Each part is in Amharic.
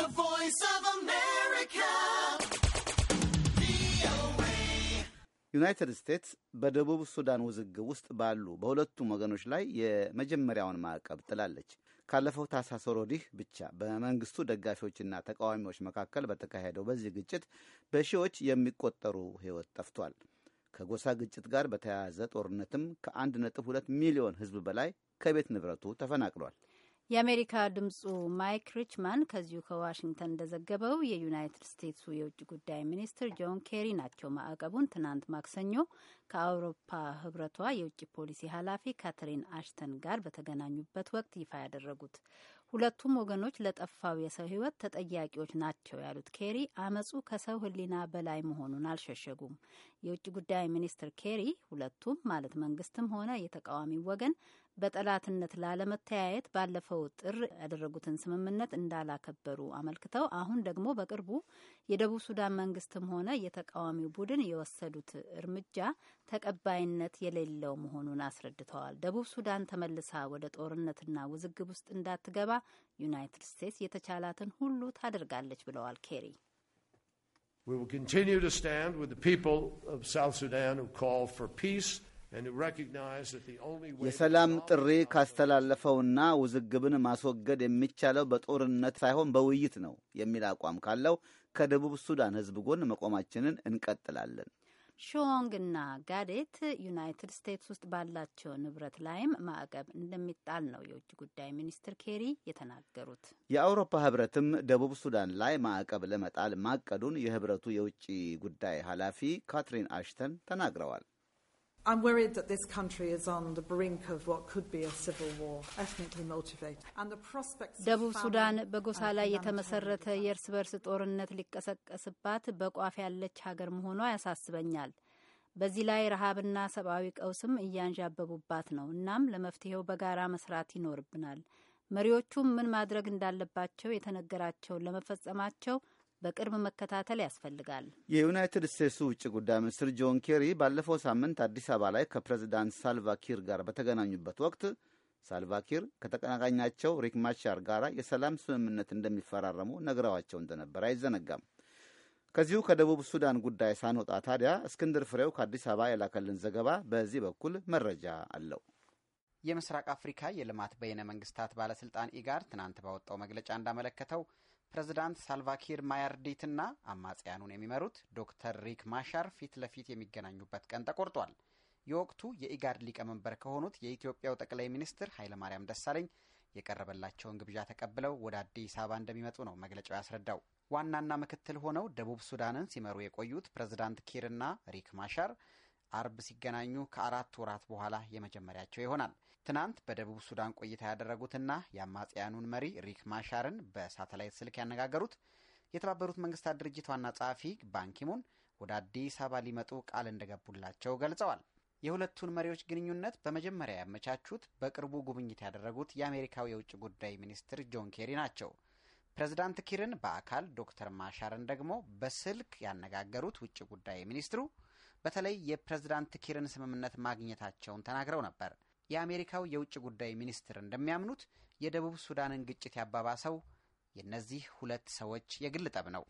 The Voice of America. ዩናይትድ ስቴትስ በደቡብ ሱዳን ውዝግብ ውስጥ ባሉ በሁለቱም ወገኖች ላይ የመጀመሪያውን ማዕቀብ ጥላለች። ካለፈው ታህሳስ ወዲህ ብቻ በመንግስቱ ደጋፊዎችና ተቃዋሚዎች መካከል በተካሄደው በዚህ ግጭት በሺዎች የሚቆጠሩ ሕይወት ጠፍቷል። ከጎሳ ግጭት ጋር በተያያዘ ጦርነትም ከ1.2 ሚሊዮን ሕዝብ በላይ ከቤት ንብረቱ ተፈናቅሏል። የአሜሪካ ድምፁ ማይክ ሪችማን ከዚሁ ከዋሽንግተን እንደዘገበው የዩናይትድ ስቴትሱ የውጭ ጉዳይ ሚኒስትር ጆን ኬሪ ናቸው ማዕቀቡን ትናንት ማክሰኞ ከአውሮፓ ሕብረቷ የውጭ ፖሊሲ ኃላፊ ካትሪን አሽተን ጋር በተገናኙበት ወቅት ይፋ ያደረጉት። ሁለቱም ወገኖች ለጠፋው የሰው ሕይወት ተጠያቂዎች ናቸው ያሉት ኬሪ አመፁ ከሰው ሕሊና በላይ መሆኑን አልሸሸጉም። የውጭ ጉዳይ ሚኒስትር ኬሪ ሁለቱም ማለት መንግስትም ሆነ የተቃዋሚ ወገን በጠላትነት ላለመተያየት ባለፈው ጥር ያደረጉትን ስምምነት እንዳላከበሩ አመልክተው አሁን ደግሞ በቅርቡ የደቡብ ሱዳን መንግስትም ሆነ የተቃዋሚው ቡድን የወሰዱት እርምጃ ተቀባይነት የሌለው መሆኑን አስረድተዋል። ደቡብ ሱዳን ተመልሳ ወደ ጦርነትና ውዝግብ ውስጥ እንዳትገባ ዩናይትድ ስቴትስ የተቻላትን ሁሉ ታደርጋለች ብለዋል ኬሪ። የሰላም ጥሪ ካስተላለፈውና ውዝግብን ማስወገድ የሚቻለው በጦርነት ሳይሆን በውይይት ነው የሚል አቋም ካለው ከደቡብ ሱዳን ሕዝብ ጎን መቆማችንን እንቀጥላለን። ሾንግ እና ጋዴት ዩናይትድ ስቴትስ ውስጥ ባላቸው ንብረት ላይም ማዕቀብ እንደሚጣል ነው የውጭ ጉዳይ ሚኒስትር ኬሪ የተናገሩት። የአውሮፓ ህብረትም ደቡብ ሱዳን ላይ ማዕቀብ ለመጣል ማቀዱን የህብረቱ የውጭ ጉዳይ ኃላፊ ካትሪን አሽተን ተናግረዋል። I'm worried that this country is on the brink of what could be a civil war, ethnically motivated. And the prospects ደቡብ ሱዳን በጎሳ ላይ የተመሰረተ የእርስ በርስ ጦርነት ሊቀሰቀስባት በቋፍ ያለች ሀገር መሆኗ ያሳስበኛል። በዚህ ላይ ረሃብና ሰብአዊ ቀውስም እያንዣበቡባት ነው። እናም ለመፍትሄው በጋራ መስራት ይኖርብናል። መሪዎቹም ምን ማድረግ እንዳለባቸው የተነገራቸውን ለመፈጸማቸው በቅርብ መከታተል ያስፈልጋል። የዩናይትድ ስቴትሱ ውጭ ጉዳይ ሚኒስትር ጆን ኬሪ ባለፈው ሳምንት አዲስ አበባ ላይ ከፕሬዚዳንት ሳልቫኪር ጋር በተገናኙበት ወቅት ሳልቫኪር ከተቀናቃኛቸው ሪክ ማቻር ጋር የሰላም ስምምነት እንደሚፈራረሙ ነግረዋቸው እንደነበር አይዘነጋም። ከዚሁ ከደቡብ ሱዳን ጉዳይ ሳንወጣ ታዲያ እስክንድር ፍሬው ከአዲስ አበባ የላከልን ዘገባ በዚህ በኩል መረጃ አለው። የምስራቅ አፍሪካ የልማት በይነ መንግስታት ባለስልጣን ኢጋድ ትናንት ባወጣው መግለጫ እንዳመለከተው ፕሬዝዳንት ሳልቫኪር ማያርዲትና አማጽያኑን የሚመሩት ዶክተር ሪክ ማሻር ፊት ለፊት የሚገናኙበት ቀን ተቆርጧል። የወቅቱ የኢጋድ ሊቀመንበር ከሆኑት የኢትዮጵያው ጠቅላይ ሚኒስትር ኃይለማርያም ደሳለኝ የቀረበላቸውን ግብዣ ተቀብለው ወደ አዲስ አበባ እንደሚመጡ ነው መግለጫው ያስረዳው። ዋናና ምክትል ሆነው ደቡብ ሱዳንን ሲመሩ የቆዩት ፕሬዝዳንት ኪርና ሪክ ማሻር አርብ ሲገናኙ ከአራት ወራት በኋላ የመጀመሪያቸው ይሆናል። ትናንት በደቡብ ሱዳን ቆይታ ያደረጉትና የአማጽያኑን መሪ ሪክ ማሻርን በሳተላይት ስልክ ያነጋገሩት የተባበሩት መንግስታት ድርጅት ዋና ጸሐፊ ባንኪሙን ወደ አዲስ አበባ ሊመጡ ቃል እንደገቡላቸው ገልጸዋል። የሁለቱን መሪዎች ግንኙነት በመጀመሪያ ያመቻቹት በቅርቡ ጉብኝት ያደረጉት የአሜሪካው የውጭ ጉዳይ ሚኒስትር ጆን ኬሪ ናቸው። ፕሬዚዳንት ኪርን በአካል ዶክተር ማሻርን ደግሞ በስልክ ያነጋገሩት ውጭ ጉዳይ ሚኒስትሩ በተለይ የፕሬዝዳንት ኪርን ስምምነት ማግኘታቸውን ተናግረው ነበር። የአሜሪካው የውጭ ጉዳይ ሚኒስትር እንደሚያምኑት የደቡብ ሱዳንን ግጭት ያባባሰው የእነዚህ ሁለት ሰዎች የግል ጠብ ነው።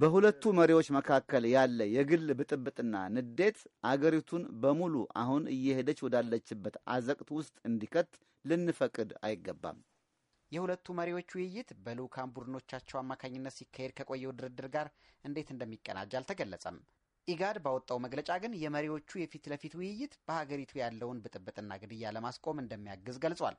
በሁለቱ መሪዎች መካከል ያለ የግል ብጥብጥና ንዴት አገሪቱን በሙሉ አሁን እየሄደች ወዳለችበት አዘቅት ውስጥ እንዲከት ልንፈቅድ አይገባም። የሁለቱ መሪዎች ውይይት በልዑካን ቡድኖቻቸው አማካኝነት ሲካሄድ ከቆየው ድርድር ጋር እንዴት እንደሚቀናጅ አልተገለጸም። ኢጋድ ባወጣው መግለጫ ግን የመሪዎቹ የፊት ለፊት ውይይት በሀገሪቱ ያለውን ብጥብጥና ግድያ ለማስቆም እንደሚያግዝ ገልጿል።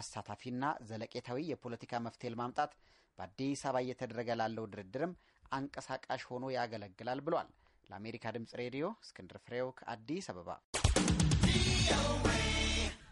አሳታፊና ዘለቄታዊ የፖለቲካ መፍትሄ ለማምጣት በአዲስ አበባ እየተደረገ ላለው ድርድርም አንቀሳቃሽ ሆኖ ያገለግላል ብሏል። ለአሜሪካ ድምጽ ሬዲዮ እስክንድር ፍሬው ከአዲስ አበባ